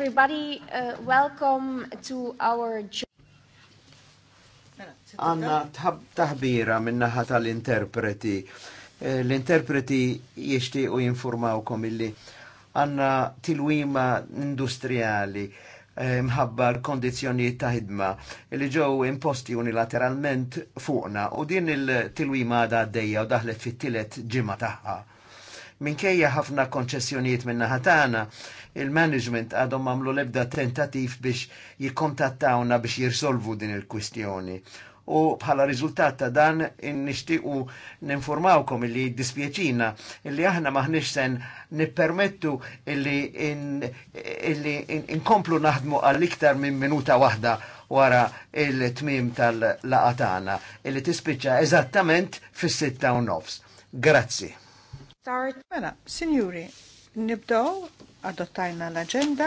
everybody. Uh, welcome to our... Għanna taħbira minnaħa tal-interpreti. Eh, l-interpreti jishti u jinformawkom illi għanna tilwima industrijali eh, mħabba l-kondizjoni ta' ħidma li ġew imposti unilateralment fuqna u din il-tilwima għada għaddejja u daħlet fit-tilet ġimma tagħha. Minkejja ħafna konċessjonijiet minna ħatana, il-management għadhom għamlu lebda tentativ biex jikontattawna biex jirsolvu din il-kwistjoni. U bħala riżultat ta' dan nixtiequ ninformawkom illi dispieċina illi aħna maħniex sen nippermettu illi, in, illi in, inkomplu naħdmu għall-iktar minn minuta waħda wara il-tmim tal-laqatana illi tispiċċa eżattament fis-sitta u nofs. Grazzi. Mela, signuri, Nibdow adottajna l-agenda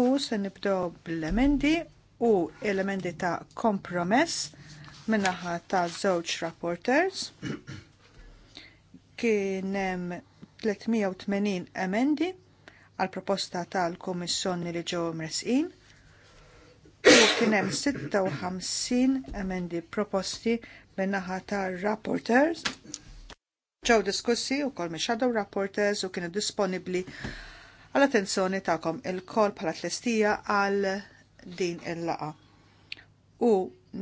u se nibdow bl-emendi u l-emendi ta' kompromess minnaħa ta' zoċ rapporters kien hemm 380 emendi għal proposta tal-Komissjoni li ġew mresqin u kien hemm 56 emendi proposti minnaħa tar rapporters ġew diskussi wkoll me shadow rapporters u kienu disponibbli għal attenzjoni tagħkom il-kol bħala tlestija għal din il-laqa. U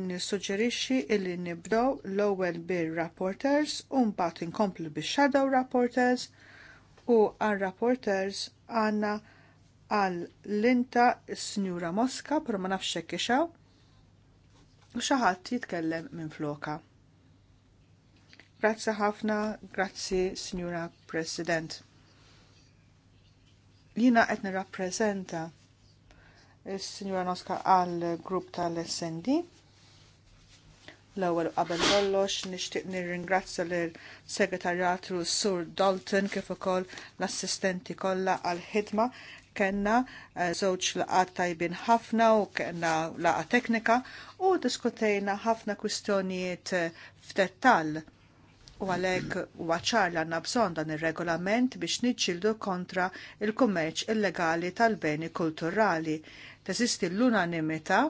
nissuġġerixxi illi nibdew l-ewwel bir-rapporters u mbagħad inkomplu bix-shadow rapporters u għal rapporters għandna għal linta s snjura Mosca, pero ma nafx xekkixaw, u xi ħadd jitkellem minn floka. Grazzi ħafna, grazie Signora President. Lina qed nirrappreżenta is-Sinjura Noska għal grupp tal-SND. L-ewwel qabel kollox nixtieq nirringrazzja lil segretarjat Sur Dalton kif ukoll l-assistenti kollha għal ħidma kenna eh, żewġ laqat tajbin ħafna u kenna laqa teknika u diskutejna ħafna kwistjonijiet eh, f'dettall U għalhekk huwa ċar li għandna bżonn dan ir-regolament biex niġġieldu kontra il-kummerċ illegali tal-beni kulturali. Teżisti l-unanimità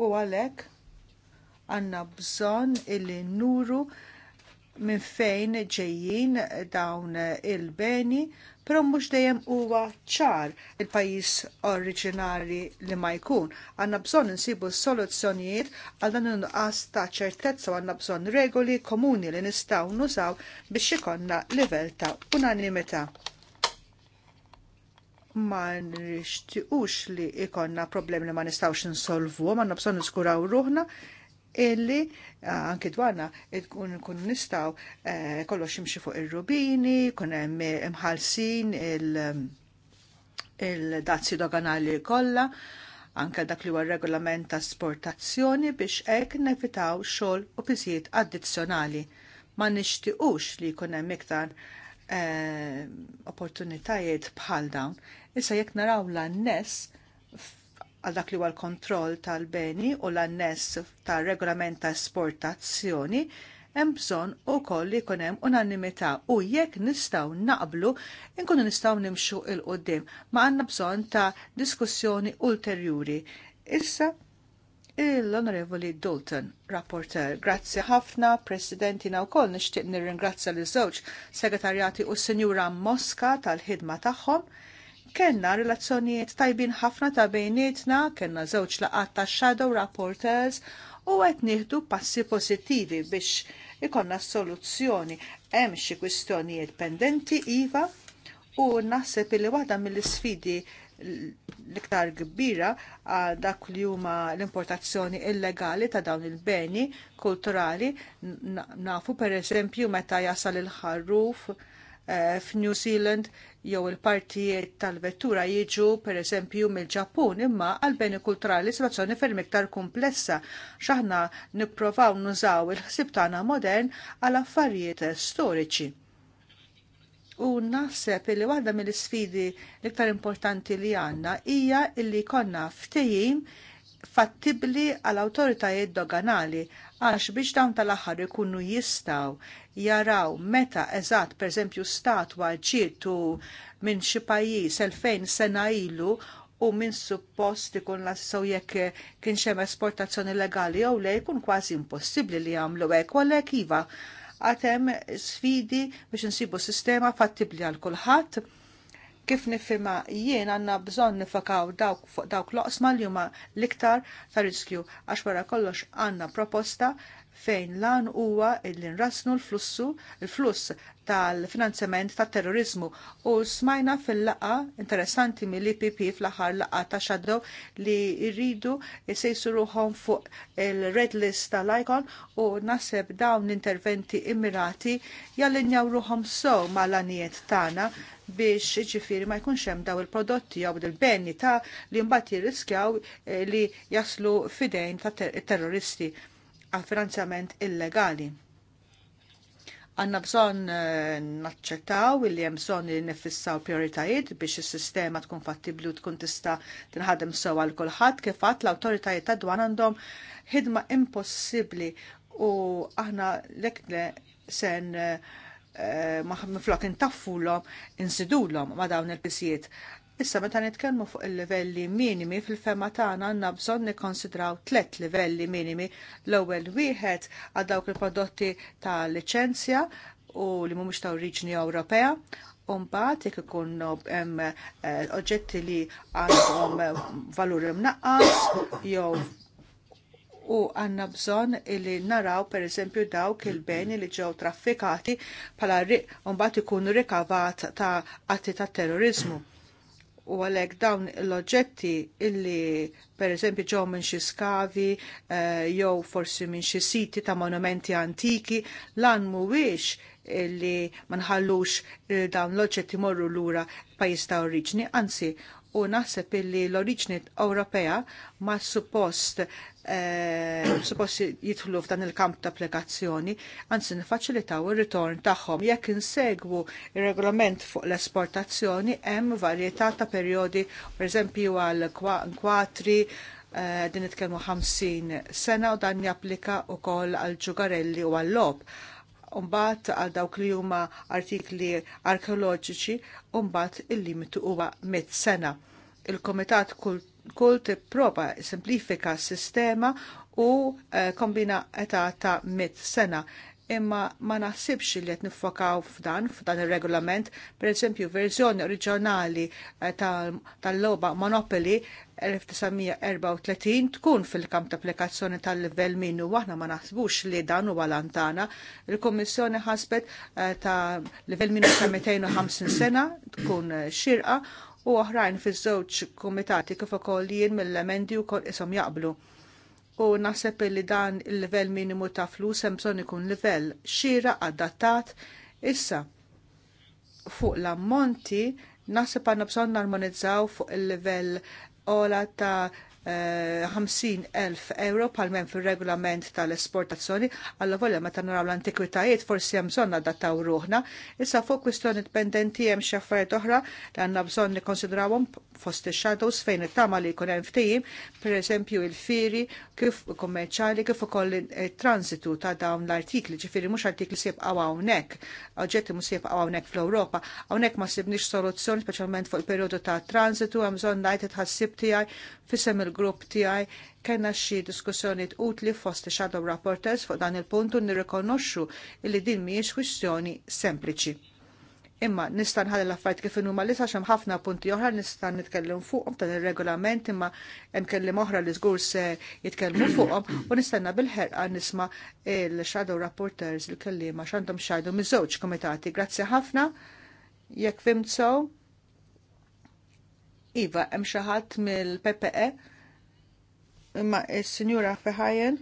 u għalhekk għandna bżonn illi nuru minn fejn ġejjin dawn il-beni però mhux dejjem huwa ċar il-pajjiż oriġinari li ma jkun. Għandna bżonn insibu soluzzjonijiet għal dan inqas ta' ċertezza u għandna bżonn regoli komuni li nistgħu nużaw biex ikonna livell ta' unanimità. Ma nixtiqux li ikonna problemi li ma nistgħux nsolvu, ma bżonn niskuraw ruħna illi anki dwarna tkun kun nistaw eh, kollox imxi fuq ir-rubini, kun hemm imħalsin il-dazzi il doganali kollha, anke dak li huwa regolament ta' sportazzjoni biex hekk nevitaw xogħol u piżijiet addizzjonali. Ma nixtiequx li jkun hemm iktar eh, opportunitajiet bħal dawn. Issa jekk naraw l-annes għal dak li huwa l-kontroll tal-beni u l-anness tar-regolament ta' esportazzjoni, hemm bżonn ukoll li jkun hemm unanimità u jekk nistgħu naqblu inkunu nistgħu nimxu il qudiem ma għandna bżonn ta' diskussjoni ulterjuri. Issa l-Onorevoli Dalton, rapporter. Grazzi ħafna, Presidentina u koll nishtiq nirringrazzja l żewġ segretarjati u Sinjura Mosca tal-ħidma tagħhom Kenna relazzjonijiet tajbin ħafna ta' bejnietna, kenna żewġ laqat ta' shadow rapporters u qed nieħdu passi pożittivi biex ikonna soluzzjoni. Hemm xi kwistjonijiet pendenti iva u naħseb li waħda mill-isfidi l-iktar kbira għal dak li huma l-importazzjoni illegali ta' dawn il-beni kulturali nafu per eżempju meta jasal il-ħarruf Eh, f'New Zealand jew il-partijiet tal-vettura jiġu pereżempju mill-Ġappun imma għal beni kulturali situazzjoni ferm iktar komplessa x'aħna nipprovaw nużaw il-ħsib tagħna modern għal affarijiet storiċi. U naħseb li waħda mill-isfidi l-iktar importanti li għandna hija illi konna ftehim fattibli għal awtoritajiet doganali għax biex dawn tal-aħħar ikunu jistaw jaraw meta eżatt pereżempju statwa ġietu minn xi pajjiż elfejn sena ilu u minn suppost ikun lassaw jekk kien xem esportazzjoni legali jew le jkun kważi impossibbli li jagħmlu hekk u għalhekk iva għatem sfidi biex insibu sistema fattibli għal kulħadd kif nifima jien għandna bżonn nifakaw dawk fuq dawk loqsma li huma l-iktar ta' riskju għax wara kollox għandna proposta fejn lan huwa li nrasnu l-flussu l-fluss tal-finanzjament tat-terrorizmu u smajna fil-laqa interessanti mill-IPP fl-aħħar laqa ta' xaddew li jridu jsejsu ruħom fuq il-red list tal-icon u naseb dawn l-interventi immirati jallinjaw ruħhom sew mal-anijiet tagħna biex ġifiri ma jkunx hemm daw il-prodotti jew il-benni ta' li mbagħad jirriskjaw eh, li jaslu fidejn ta' terroristi għal finanzjament illegali. Għanna bżon eh, naċċettaw illi hemm bżon li nifissaw prioritajiet biex is-sistema tkun fattibli u tkun tista' tinħadem sewwa għal kulħadd kif għad l-awtoritajiet ta' dwan għandhom ħidma impossibbli u aħna lek sen uh, Eh, flok intaffulhom, insidulhom ma' dawn il pisiet Issa meta nitkellmu fuq il-livelli minimi fil-fema tagħna għandna bżonn nikkonsidraw tliet livelli minimi. L-ewwel wieħed għal dawk il-prodotti ta' liċenzja u li mhumiex ta' oriġini Ewropea. u mbagħad jekk ikun eh, oġġetti li għandhom valur imnaqqas jew u għanna bżon illi naraw per eżempju dawk il-beni li ġew traffikati pala mbagħad ikunu rikavat ta' atti ta' terrorizmu. U għalhekk dawn l-oġġetti illi per eżempju ġew minn xi skavi eh, jew forsi minn xi siti ta' monumenti antiki lan mhuwiex illi ma nħallux eh, dawn l-oġġetti morru lura pajjiż ta' oriġni, anzi u naħseb illi l-oriġni Ewropea ma suppost eh, suppost jidħlu f'dan il-kamp ta' applikazzjoni, anzi nifaċilitaw ir-ritorn tagħhom. Jekk insegwu il regolament fuq l-esportazzjoni hemm varjetà ta' perjodi, pereżempju għal kwatri, eh, din itkellmu 50 sena u dan japplika wkoll għal ġugarelli u għall-lob Umbat għal dawk li huma artikli arkeoloġiċi, umbat il-limitu huwa mit sena. Il-Komitat Kult prova simplifika s sistema u eh, kombina etata ta' mit sena imma ma naħsibx li qed niffokaw f'dan f'dan ir-regolament, pereżempju verżjoni oriġinali eh, tal-logħba Monopoly 1934 tkun fil-kamp ta' applikazzjoni tal-livell minu waħna ma naħsibux li dan huwa lantana. Il-Kummissjoni ħasbet eh, ta' livell minnu ta' 250 sena tkun eh, xirqa u oħrajn fiż-żewġ kumitati kif ukoll jien mill-emendi wkoll ishom jaqblu u naħseb li dan il-livell minimu ta' flus hemm bżonn ikun livell xira adattat issa fuq l-ammonti naħseb għandna bżonn narmonizzaw fuq il-livell ola ta' 50.000 euro palmen fil-regolament tal-esportazzjoni għalla volja meta naraw l-antikwitajiet forsi hemm bżonn adattaw ruħna. Issa fuq kwistjoni dipendenti hemm xi affarijiet oħra li għanna bżonn nikkonsidrawhom fost ix-shadows fejn it-tama li jkun hemm per pereżempju il-firi kif kommerċali kif ukoll it-transitu ta' dawn l-artikli, ġifiri mhux artikli se jibqgħu hawnhekk, oġġetti mhux se għaw hawnhekk fl-Ewropa. Hawnhekk ma sibniex soluzzjoni specialment fuq il-perjodu ta' transitu hemm bżonn ngħid ħassib fisem il il grupp tiegħi kellna xi diskussjonijiet utli fost shadow rapporters fuq dan il-punt u nirrikonoxxu li din mhijiex kwistjoni sempliċi. Imma nista' nħalli l-affarijiet kif inhuma li hemm ħafna punti oħra nista' nitkellem fuqhom dan ir-regolament imma hemm kelliem oħra li żgur se jitkellmu fuqhom u nistenna bil-ħerqa nisma' il-shadow rapporters il-kelliema x'għandhom xajdu miż-żewġ komitati. Grazzi ħafna jekk fimt so, Iva, hemm xi ħadd mill-PPE imma il-Sinjura Fehajen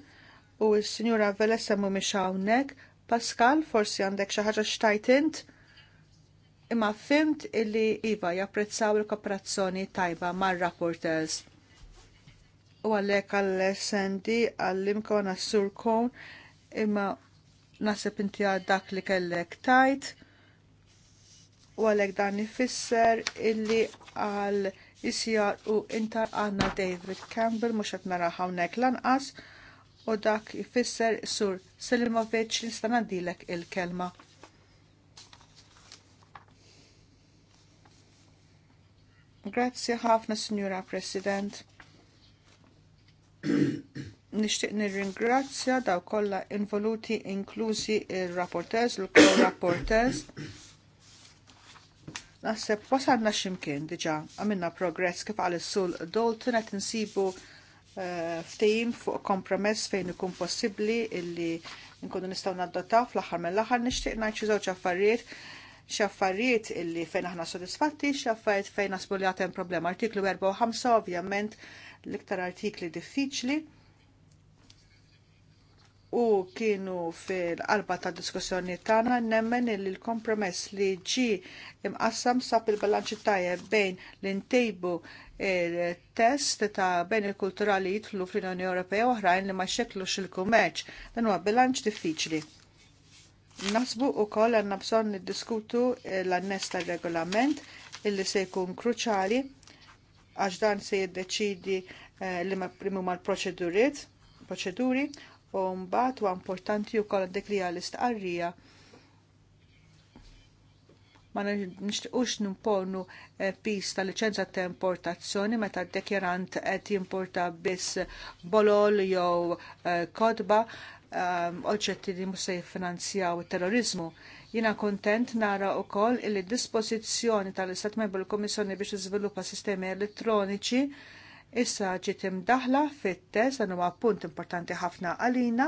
u il-Sinjura Velessa mhumiex hawnhekk. Pascal, forsi għandek xi ħaġa x'tajtent, imma fimt illi Iva japprezzaw il-kooperazzjoni tajba mar-rapporters. U għalhekk għall-SND għall-imkon għas-surkon imma nasib inti dak li kellek tajt u għalhekk dan ifisser illi għal ICR u inta għanna David Campbell mux għet nara hawnhekk lanqas u dak jfisser sur Selimovic nista' ngħaddilek il-kelma. Grazzi ħafna, Signora President. Nishtiq nirringrazzja daw kollha involuti inklusi il-rapportez, l-kol rapportez, Naħseb wasalna ximkien diġa għamilna progress kif għal sul Dalton qed insibu eh, ftejim fuq kompromess fejn ikun possibbli illi nkunu nistgħu naddottaw fl-aħħar mill-aħħar nixtieq ngħid xi żewġ affarijiet x'affarijiet illi fejn aħna sodisfatti, x'affarijiet fejn asbuljatem li problema. Artiklu 4 u 5 ovvjament l-iktar artikli diffiċli u kienu fil-qalba ta' diskussjoni tagħna nemmen li l-kompromess li ġi imqassam sab il-balanċi tajjeb bejn l-intejbu test ta' beni kulturali jitlu fl-Unjoni Ewropea oħrajn li ma xeklu il kumeċ Dan huwa bilanċ diffiċli. Nasbu u koll għanna bżon niddiskutu l-annes tal-regolament illi se jkun kruċali għax dan se jiddeċidi eh, li ma primu mal-proċeduriet proċeduri U mbagħad huwa importanti wkoll dik li l-istqarrija ma nixtiqux nimponu eh, pis ta' liċenza ta' importazzjoni meta d-dekjerant qed jimporta biss bolol jew eh, kodba ehm, oġġetti li mhux se jiffinanzjaw it-terrorizmu. Jiena kuntent nara wkoll li d dispożizzjoni tal-Istat Membru l-Kummissjoni biex iżviluppa sistemi elettroniċi issa ġiet imdaħla fit-test dan huwa punt importanti ħafna għalina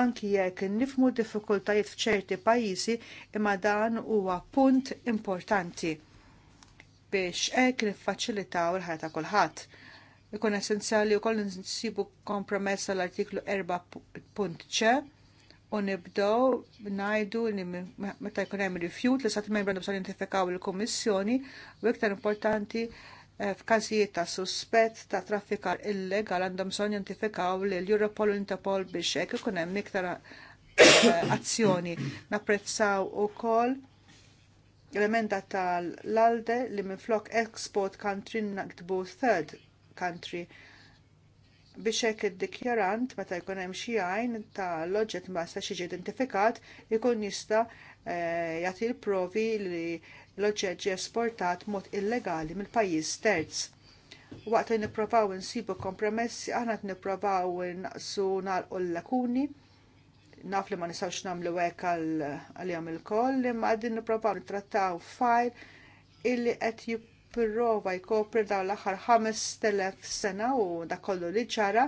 anki jekk nifmu diffikultajiet f'ċerti pajjiżi imma dan huwa punt importanti biex hekk niffaċilitaw il-ħajja ta' kulħadd. Ikun essenzjali wkoll nsibu kompromess għall artiklu 4.c u nibdew ngħidu li meta jkun hemm rifjut li sat membri sa identifikaw il-Kummissjoni u iktar importanti Eh, f'każijiet ta' suspett ta' traffikar illegal għandhom bżonn jantifikaw li l-Europol u Interpol biex hekk ikun hemm iktar eh, azzjoni. Napprezzaw ukoll l-emenda tal-alde li minflok export country naktbu third country biex hekk id-dikjarant meta jkun hemm xi għajn ta' loġġett ma jistax jiġi identifikat ikun jista' eh, jagħti l-provi li l-oġġeġ ġie esportat mod illegali mill-pajjiż terz. Waqt li nippruvaw insibu kompromessi aħna qed nipprovaw naqsu nagħlqu l-lakuni naf li ma nistgħux nagħmlu hekk għalihom il-koll imma qegħdin nippruvaw nittrattaw fajl illi qed jipprova jkopri dawn l-aħħar 5000 sena u da kollu li ġara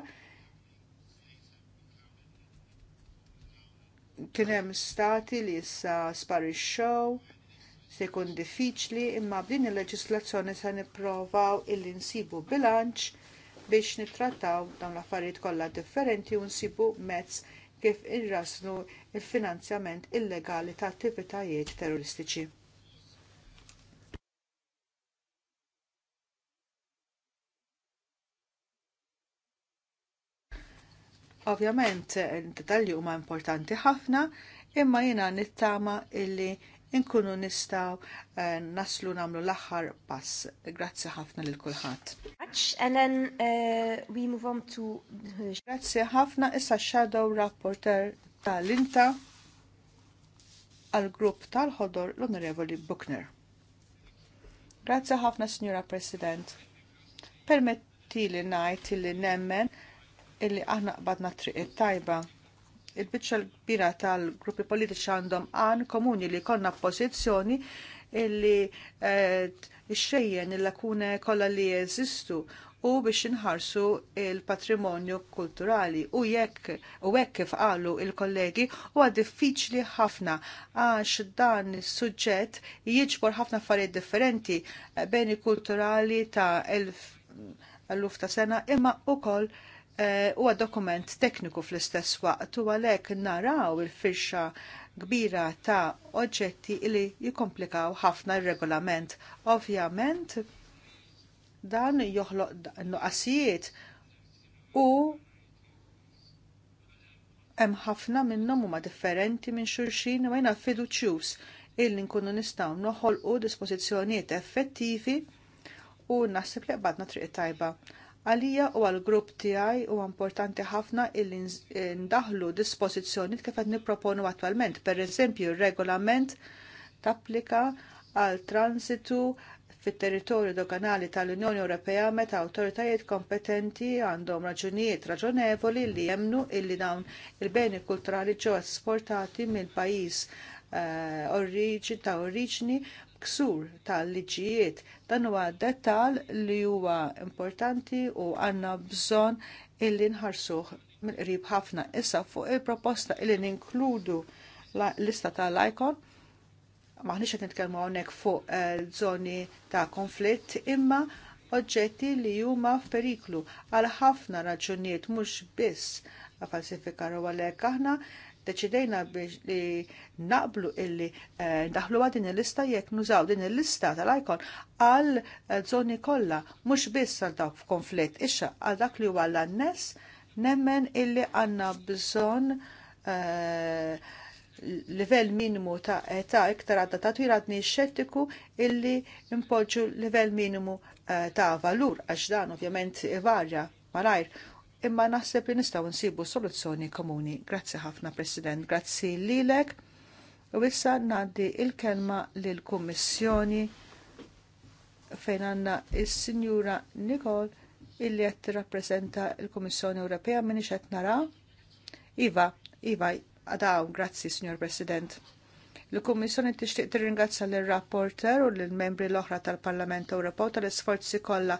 kien hemm stati li issa sparixxew se jkun diffiċli imma b'din il-leġislazzjoni se nipprovaw illi nsibu bilanċ biex nittrattaw dawn l-affarijiet kollha differenti u nsibu mezz kif irrasnu l finanzjament illegali ta' attivitajiet terroristiċi. Ovvjament, detalji huma importanti ħafna, imma jina nittama illi inkunu nistaw eh, naslu namlu l-aħħar pass. Grazzi ħafna lil kulħadd. And then uh, we move on to Grazzi ħafna issa shadow rapporter tal-Inta għal-grupp tal-ħodor l-Onorevoli Buckner. Grazzi ħafna, Signora President. Permetti li najt li nemmen illi aħna qbadna triq tajba il-biċċa l-kbira tal-gruppi politiċi għandhom għan komuni li konna pozizjoni illi eh, xejjen il-lakune kollha li jeżistu u biex inħarsu il-patrimonju kulturali u jekk u hekk kif qalu il-kollegi huwa diffiċli ħafna għax dan is-suġġett jiġbor ħafna affarijiet differenti eh, beni kulturali ta' l aluf ta' sena imma ukoll Eh, huwa uh, dokument tekniku fl-istess waqt u għalhekk naraw il-firxa kbira ta' oġġetti li jikomplikaw ħafna r-regolament. Ovvjament dan joħloq nuqasijiet u hemm ħafna minnhom huma differenti minn xulxin u għajna fiduċjuż illi nkunu nistgħu noħolqu dispożizzjonijiet effettivi u naħseb li qbadna triq tajba. Għalija u għal grupp tiegħi huwa importanti ħafna illi eh, ndaħlu dispożizzjoni kif qed nipproponu attwalment. Pereżempju, regolament tapplika għal transitu fit-territorju doganali tal-Unjoni Ewropea meta awtoritajiet kompetenti għandhom raġunijiet raġonevoli li jemnu illi dawn il-beni kulturali ġew esportati mill pajjiż uh, eh, ta' oriġini ksur tal-liġijiet. Dan huwa dettal li huwa importanti u għandna bżonn illi nħarsuh mill-qrib ħafna. Issa fuq il-proposta illi ninkludu l-lista tal-ikon, maħniċ qed nitkellmu hawnhekk fuq eh, żoni ta' konflitt, imma oġġetti li huma f'periklu għal ħafna raġunijiet mhux biss falsifika u għalhekk deċidejna biex li naqblu illi eh, daħlu din il-lista jekk nużaw din il-lista tal-ajkon għal eh, zoni kollha mhux biss għal dawk f'konflitt ixa. għal dak li huwa l-annes nemmen illi għandna bżonn eh, livell minimu ta' età iktar għadda ta' twiratni xettiku illi impoġġu livell minimu ta' valur għax dan ovvjament varja malajr imma naħseb li nistgħu nsibu soluzzjoni komuni. Grazzi ħafna President, grazzi lilek. U issa ngħaddi il-kelma lill kummissjoni fejn għandna il sinjura Nikol illi qed tirrappreżenta l-Kummissjoni Ewropea minn qed nara. Iva, Iva, għadaw, grazzi Sinjur President. L-Kummissjoni tixtieq tirringrazzja lir rapporter u lill membri l-oħra tal-Parlament Ewropew tal-isforzi kollha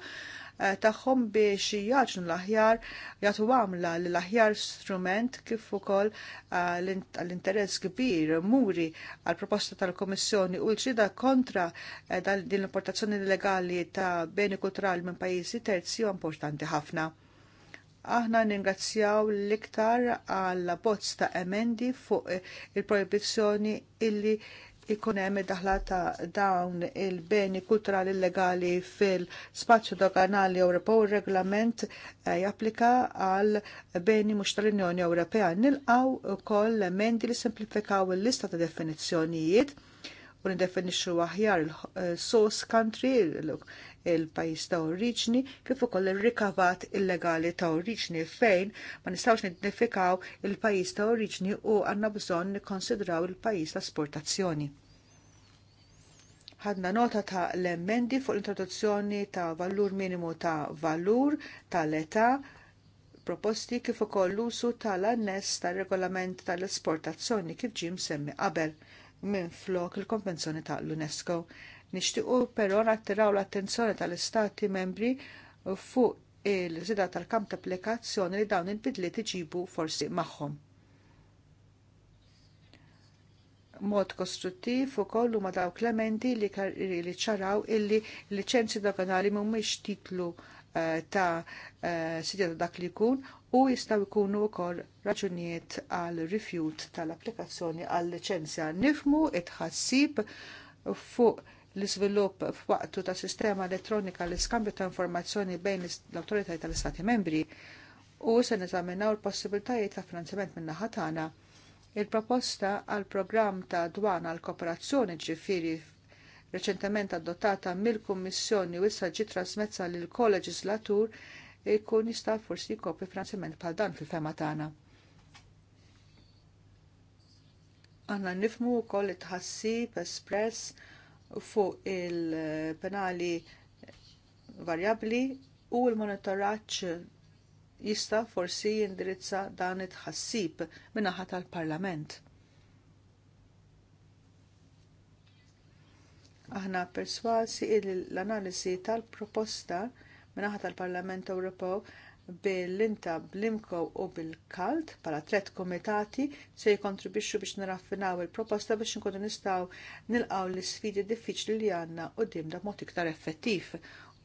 Eh, taħħom biex jaġnu l-aħjar jagħtu għamla l-aħjar strument kif ukoll eh, l-interess kbir muri għal proposta tal-Komissjoni u l-ġrida kontra eh, din l-importazzjoni illegali ta' beni kulturali minn pajjiżi terzi u importanti ħafna aħna ningrazzjaw l-iktar għall bozz ta' emendi fuq il-proibizzjoni illi ikun hemm id-daħla ta' dawn il-beni kulturali illegali fil-spazju doganali Ewropew regolament eh, japplika għal beni mhux tal-Unjoni Ewropea. Nilqaw ukoll emendi li simplifikaw il-lista ta' definizzjonijiet u nidefinixxu aħjar il-source eh, country, il-pajjiż ta' oriġni kif ukoll ir-rikavat illegali ta' oriġni fejn ma nistgħux nidentifikaw il-pajjiż ta' oriġni u għandna bżonn nikkonsidraw il-pajjiż ta' esportazzjoni. Ħadna nota ta' l-emmendi fuq l-introduzzjoni ta' valur minimu ta' valur tal-età proposti kif ukoll l-usu tal-anness tar-regolament tal-esportazzjoni kif ġie msemmi qabel minn flok il-Konvenzjoni ta' l unesco Nixtiequ però nattiraw l-attenzjoni tal-Istati membri fuq il-żida tal-kamp ta' applikazzjoni li dawn il bidli tiġibu forsi magħhom. mod kostruttiv u kollu ma daw klementi li, li ċaraw illi licenzi doganali mumiex titlu uh, ta' uh, eh, sidja ta' dak li jkun u jistaw ikunu wkoll raġunijiet għal rifjut tal-applikazzjoni għal licenzja. Nifmu it-ħassib fuq l-iżvilupp f'waqtu ta' sistema elettronika li skambju ta' informazzjoni bejn l-autoritajiet tal-Istati membri u se neżaminaw il-possibiltajiet ta' finanzjament minn naħa tagħna il-proposta għal programm ta' dwana għal kooperazzjoni ġifieri reċentement adottata mill-Kummissjoni u issa ġiet trasmezza lil koleġislatur ikun jista' forsi jkopri finanzjament bħal dan fil-fema tagħna. Għanna nifmu wkoll it-tħassib espress fuq il-penali varjabli u l-monitoraġġ jista' forsi jindirizza dan it-ħassib min-naħa tal-Parlament. Aħna perswasi il l-analisi tal-proposta minn naħa tal-Parlament Ewropew bil-linta bl-imko u bil-kalt bħala tret komitati se jikkontribwixxu biex naraffinaw il-proposta biex nkunu nistgħu nilqgħu l isfidi diffiċli li għandna qudiemna b'mod iktar effettiv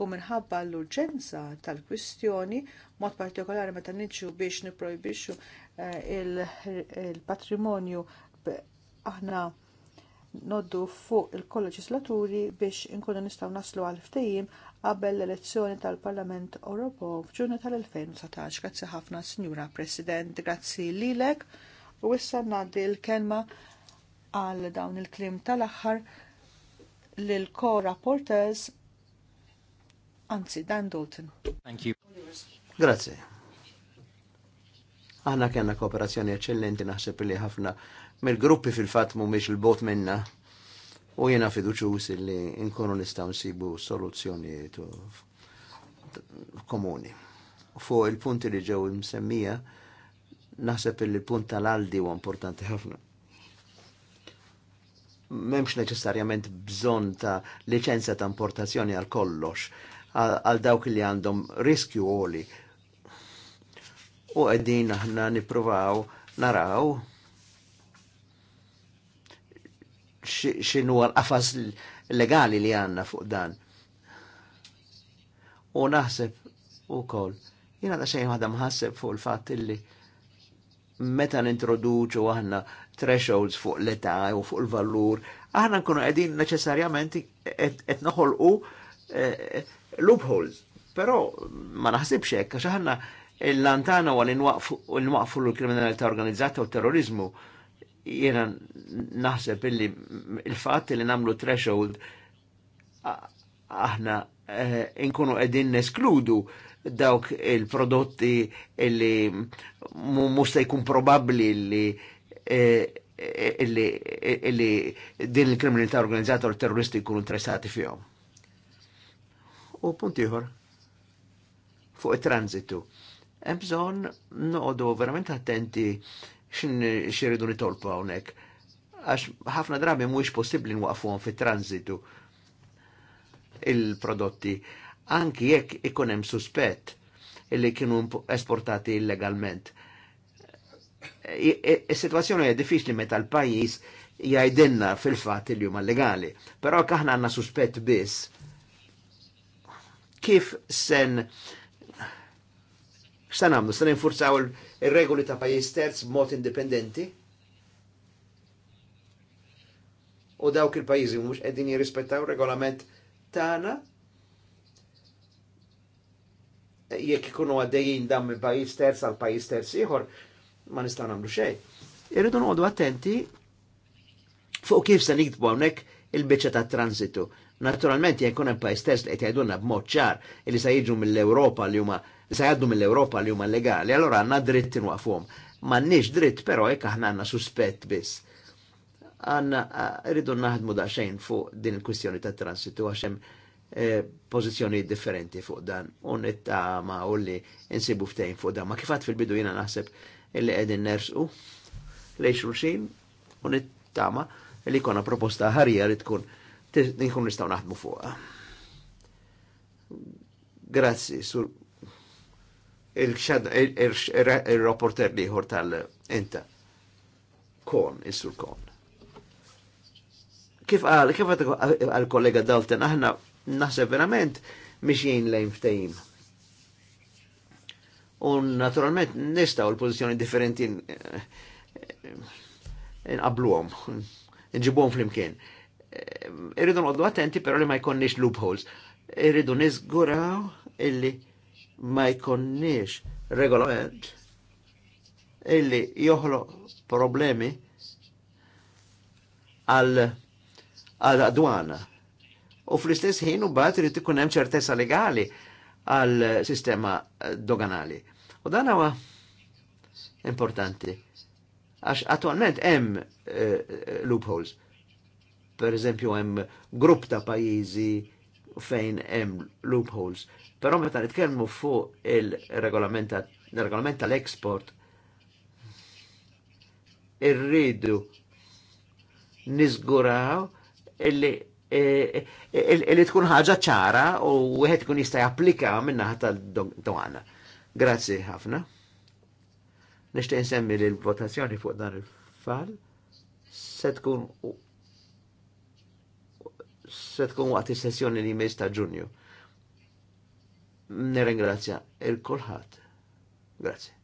u minħabba l-urġenza tal-kwistjoni, mod partikolari meta niġu biex niprojbixxu eh, il-patrimonju aħna noddu fuq il-kolleġislaturi biex inkunu nistgħu naslu għal ftehim qabel l-elezzjoni tal-Parlament Ewropew f'Ġunju tal-2019. Grazzi ħafna, Sinjura President, grazzi lilek. U issa ngħaddi l-kelma għal dawn il-klim tal-aħħar lil co-rapporters anzi Dan Dalton. Thank you. Grazie. Aħna kellna kooperazzjoni eċċellenti naħseb li ħafna mill-gruppi fil-fatt mhumiex il-bot minna u jena fiduċus li nkunu nistaw nsibu soluzzjonijiet komuni. Fuq il-punti li ġew msemmija, naħseb li l-punt tal-aldi u importanti ħafna. Memx neċessarjament bżon ta' licenza ta' importazzjoni għal kollox, għal dawk li għandhom riskju għoli. U għeddin aħna niprovaw naraw xinu għal-qafas legali li għanna fuq dan. U naħseb u kol, jina da xejn għadam ħasseb fuq il-fat illi meta nintroduċu għahna thresholds fuq l-età u fuq il-vallur, aħna nkunu għedin neċessarjament et u eh, eh, loopholes. Pero ma naħsibx hekk għax aħna l-lantana għal nwaqfu l-kriminalità organizzata u terrorizmu. terrorizmu jena naħseb illi il-fat li namlu threshold aħna eh, inkunu edin neskludu dawk il-prodotti illi musta jkun probabli eh, illi illi din il-kriminalità organizzata u terroristi jkunu interessati fihom. U punt ieħor fuq it-transitu. Hemm bżonn noqogħdu verament attenti xirridu nitolpa hawnhekk. Għax ħafna drabi mhuwiex possibbli nwaqfuhom fit-transitu il-prodotti anki jekk ikun hemm suspett illi kienu esportati illegalment. Is-sitwazzjoni hija diffiċli meta l-pajjiż jgħidilna fil-fatt li huma legali, però kaħna għandna suspett biss. Kif sen sen għamlu, sen infurzaw il regoli ta' pajis terz mod indipendenti. U dawk il-pajjiżi mhux qegħdin jirrispettaw regolament tagħna jekk ikunu għaddejjin dam il pajis terz għal pajis terz ieħor, ma nistgħu nagħmlu xejn. Irridu noqogħdu attenti fuq kif se nikdbu hawnhekk il-biċċa ta' transitu. Naturalment jekk hemm pajjiż stess li qed jgħidulna b'mod ċar li se jiġu mill-Ewropa li huma se jgħaddu mill-Ewropa li huma legali, allora għandna dritt inwaqfhom. M'għandniex dritt però jekk aħna għandna suspett biss. Għanna rridu naħdmu daqsxejn fuq din il-kwistjoni ta' transitu għax hemm e, pożizzjoni differenti fuq dan. U nittama u li insibu ftejn fuq dan. Ma kifat fil-bidu jiena naħseb illi qegħdin nersqu lejn xulxin u nittama li kona proposta ħarija li tkun nkun nistaw naħdmu fuqa. Grazzi, sur il-rapporter liħor tal-enta. Kon, il-sur kon. Kif għal, kif għal kollega Dalton, aħna naħseb verament miexjien lejn ftejim. Un naturalment nistaw il pozizjoni differenti inqabluhom, in fl-imkien. In, irridu nqoddu attenti pero li ma jkonniex loopholes. Irridu nizguraw illi ma jkonniex regolament illi joħlo problemi għal għadwana. U fl-istess ħin u bat irid ikun hemm ċertezza legali għal sistema doganali. U dan huwa importanti. Għax attualment hemm uh, loopholes. Uh, per eżempju hemm grupp ta' pajjiżi fejn hemm loopholes. Però meta nitkellmu fuq il-regolament il regolament tal export irridu niżguraw illi eh, eh, eh, illi tkun ħaġa ċara u wieħed kun jista' japplika minnaħa tal-dwana. Grazzi ħafna. Nixtieq nsemmi l-votazzjoni fuq dan il-fall se tkun se tkun waqt is-sessjoni li mejs ta' Ġunju. Nirringrazzja il-kulħadd. Grazie.